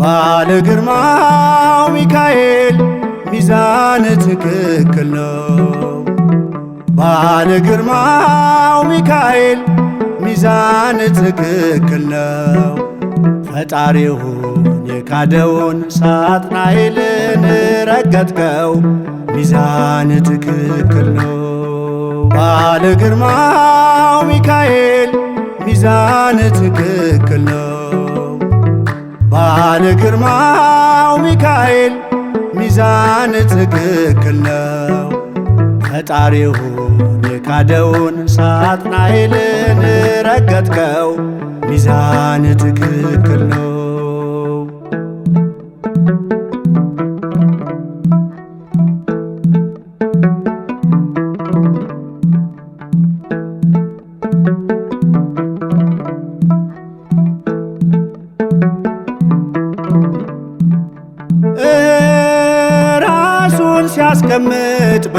ባለ ግርማው ሚካኤል ሚዛን ትክክል ነው። ባለ ግርማው ሚካኤል ሚዛን ትክክል ነው። ፈጣሪውን የካደውን ሳጥናኤልን ረገጥከው፣ ሚዛን ትክክል ነው። ባለ ግርማው ሚካኤል ሚዛን ትክክል ነው። ባለ ግርማው ሚካኤል ሚዛን ትክክል ነው። ፈጣሪውን የካደውን ሳጥናኤልን ረገጥከው። ሚዛን ትክክል ነው።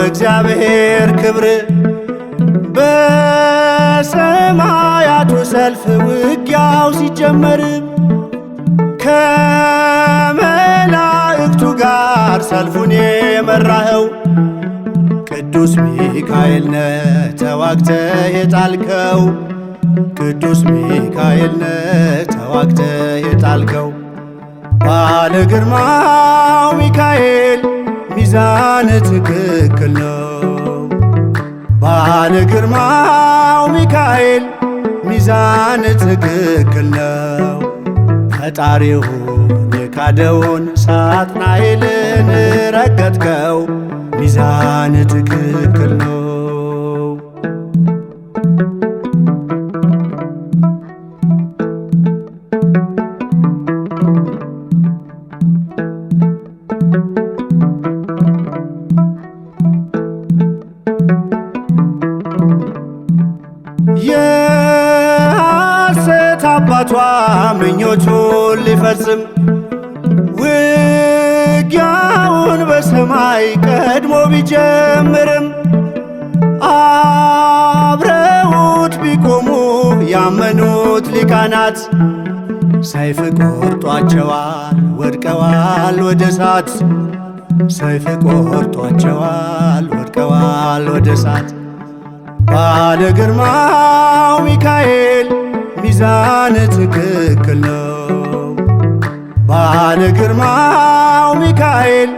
በእግዚአብሔር ክብር በሰማያቱ ሰልፍ ውጊያው ሲጀመር ከመላእክቱ ጋር ሰልፉን የመራኸው ቅዱስ ሚካኤል ነ ተዋግተ የጣልከው ቅዱስ ሚካኤል ነ ተዋግተ የጣልከው ባለ ግርማው ሚካኤል ሚዛን ትክክል ነው። ባለ ግርማው ሚካኤል ሚዛን ትክክል ነው። ፈጣሪውን የካደውን ሳጥናኤልን ረገጥከው ሚዛን ትክክል ነው። አባቷ ምኞቹን ሊፈጽም ውጊያውን በሰማይ ቀድሞ ቢጀምርም አብረውት ቢቆሙ ያመኑት ሊቃናት ሰይፍ ቆርጧቸዋል፣ ወድቀዋል ወደ እሳት። ሰይፍ ቆርጧቸዋል፣ ወድቀዋል ወደ እሳት። ባለ ግርማው ሚካኤል ሚዛን ትክክል ነው። ባለ ግርማው ሚካኤል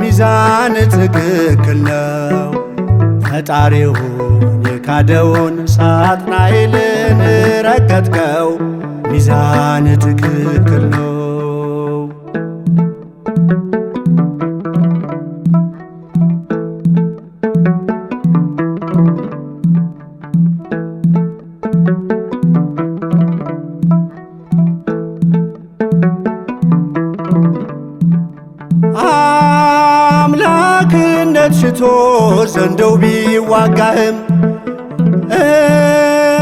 ሚዛን ትክክል ነው። ፈጣሪውን የካደውን ሳጥናኤልን ረገጥከው ሚዛን ትክክል ነው። ቢዋጋህም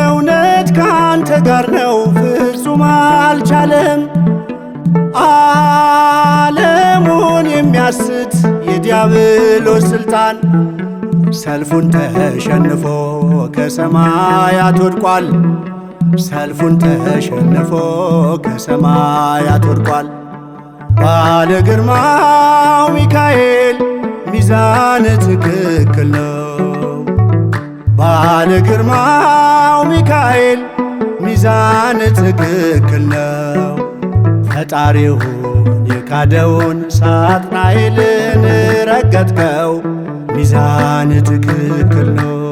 እውነት ካንተ ጋር ነው ፍጹም አልቻለም። ዓለሙን የሚያስት የዲያብሎስ ስልጣን ሰልፉን ተሸንፎ ከሰማያት ወድቋል። ሰልፉን ተሸንፎ ከሰማያት ወድቋል። ባለ ግርማው ሚካኤል ሚዛን ትክክል ነው። ብርሃን ግርማው ሚካኤል ሚዛን ትክክል ነው። ፈጣሪሁን የካደውን ሳጥናኤልን ረገጥከው ሚዛን ትክክል ነው።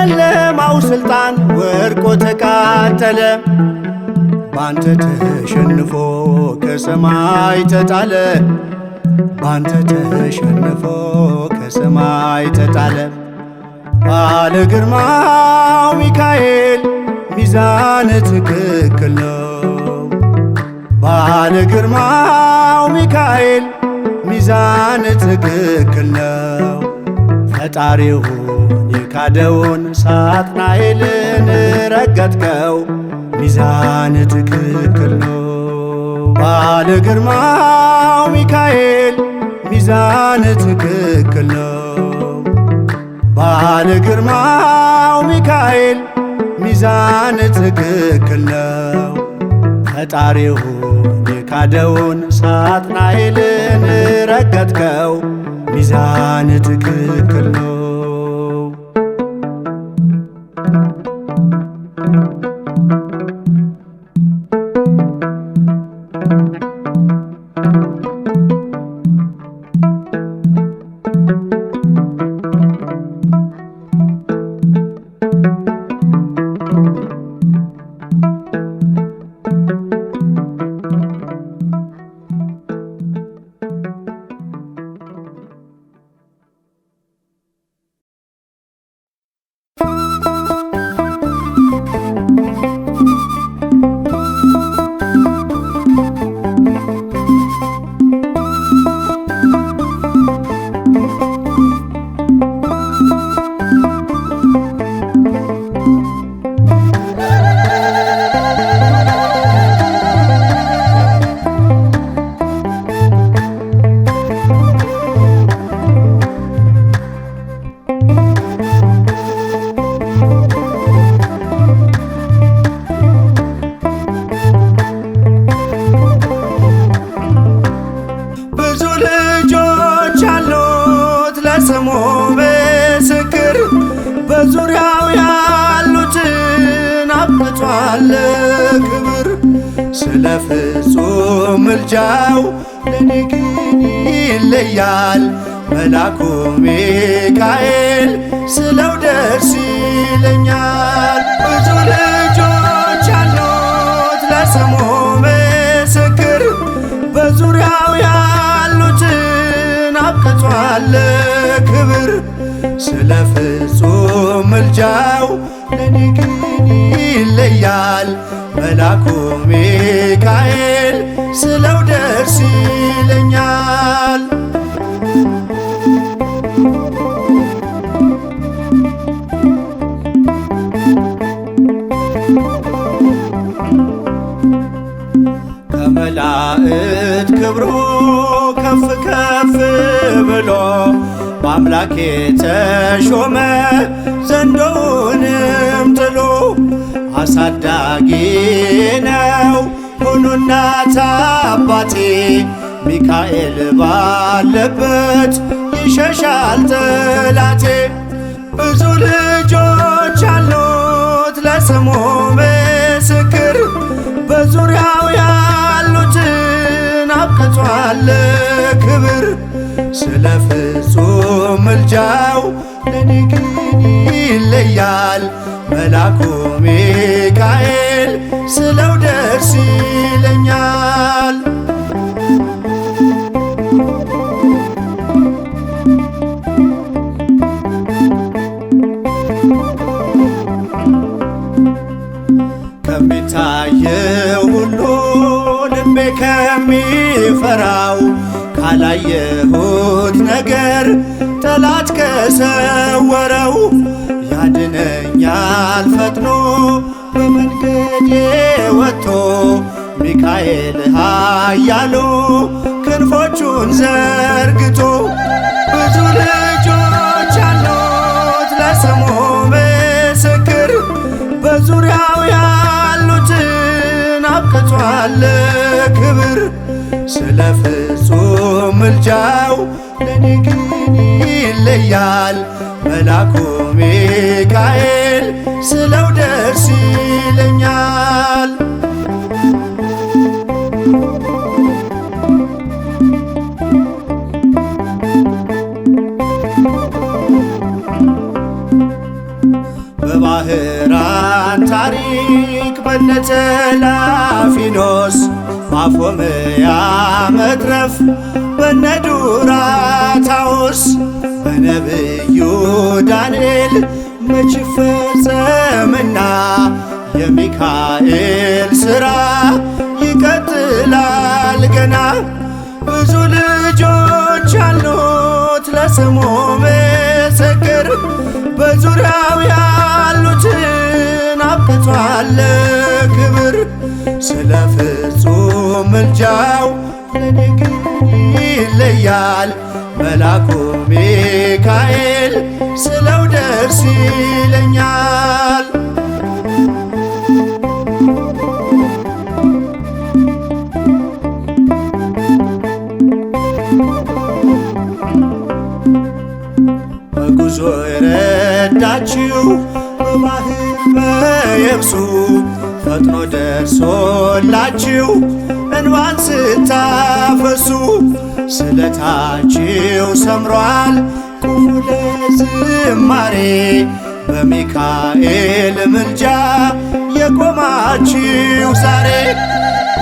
የጨለማው ስልጣን ወርቆ ተቃጠለ ባንተ ተሸንፎ ከሰማይ ተጣለ ባንተ ተሸንፎ ከሰማይ ተጣለ ባለ ግርማው ሚካኤል ሚዛን ትክክል ነው ባለ ግርማው ሚካኤል ሚዛን ትክክል ነው ፈጣሪውን የካደውን ሳጥናኤልን ረገጥከው፣ ሚዛን ትክክል ነው። ባለ ግርማው ሚካኤል ሚዛን ትክክል ነው። ባለ ግርማው ሚካኤል ሚዛን ትክክል ነው። ፈጣሪውን የካደውን ሳጥናኤልን ረገጥከው ሚዛን ትክክል ነው። ደግሞ ምስክር በዙሪያው ያሉትን አብቷል ክብር ስለ ፍጹም ምልጃው ለኔ ግን ይለያል መላኩ ሚካኤል ስለው ደርስ ይለኛል። ብዙ ልጆች አሉት ለስሙ ምስክር በዙሪያው ያ ከቷለ ክብር ስለ ፍጹም ምልጃው ለኔ ግን ይለያል መላኩ ሚካኤል ስለው ደርስ ይለኛል። አምላኬ ተሾመ ዘንዶውንም ጥሎ አሳዳጊ ነው ሁኑና አባቴ ሚካኤል ባለበት ይሸሻል ጥላቴ ብዙ ልጆች አሉት ለስሙ ምስክር በዙሪያው ያሉትን አብቅቷል ክብር ስለ ፍጹም ምልጃው ለኔ ግን ይለያል መላኩ ሚካኤል ስለው ደርሲ ነገር ጠላት ከሰወረው ያድነኛል ፈጥኖ በመንገዴ ወጥቶ ሚካኤል ኃያሉ ክንፎቹን ዘርግቶ ብዙ ልጆች አሉት ለስሙ ምስክር በዙሪያው ያሉትን አብቅቷል ክብር ስለ ፍጹም ምልጃው ለኔ ግን ይለያል መላኩ ሚካኤል ስለው ደርስ ይለኛል። በባህራን ታሪክ በነተላፊኖስ ማፎመያ መትረፍ በነዱራታውስ በነብዩ ዳንኤል መች ፈጸምና የሚካኤል ሥራ ይቀጥላል ገና ብዙ ልጆች አሉት ለስሙ ምስክር በዙሪያው ያሉትን አብቅቷል ክብር ስለ ምልጃው ይለያል መላኩ ሚካኤል ስለው ደርስ ይለኛል። በጉዞ የረዳችው በባህር በየብሱ ፈጥኖ ደርሶላችው እንባን ስታፈሱ ስለታችው ሰምሯል ቁሙ ለዝማሬ በሚካኤል ምልጃ የቆማችው ዛሬ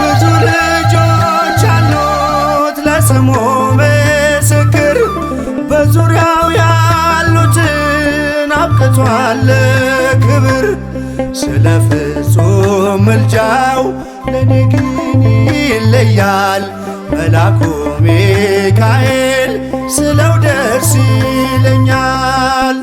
ብዙ ልጆች አሉት ለስሙ ምስክር በዙሪያው ያሉትን አብቅቷል ክብር ስለ ፍጹም ምልጃው ለኔ ግን ይለያል መላኩ ሚካኤል ስለው ደርስ ይለኛል።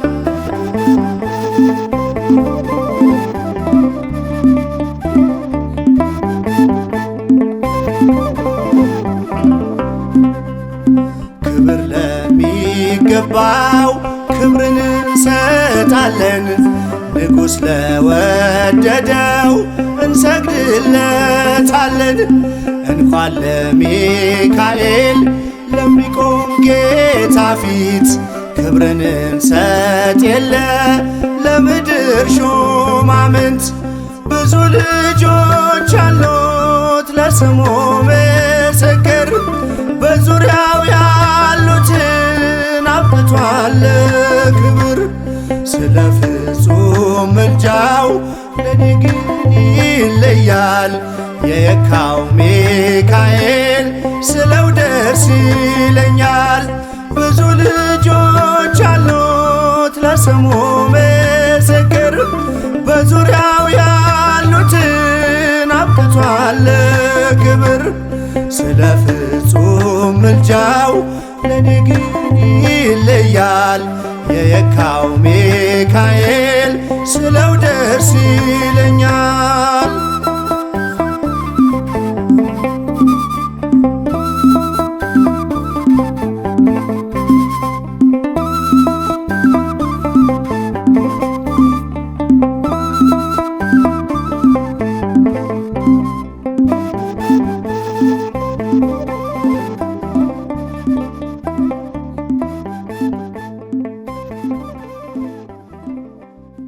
ክብር ለሚገባው ክብርን እንሰጣለን ንጉሥ ለወደደው እንሰግድለታለን። እንኳን ለሚካኤል ለሚቆም ጌታ ፊት ክብርን እንሰጥ የለ ለምድር ሹማምንት ብዙ ልጆች አሉት ለስሙ ምስክር በዙሪያው ያሉትን አብቅቷል ክብር ስለ ፍጹም ምልጃው ለኔ ግን ይለያል የካው ሚካኤል ስለው ደስ ይለኛል። ብዙ ልጆች አሉት ለስሙ ምስክር በዙሪያው ያሉትን አብቅቷል ክብር ስለ ፍጹም ምልጃው ለኔ ግን ይለያል የየካው ሚካኤል ስለው ደርስ ይለኛል።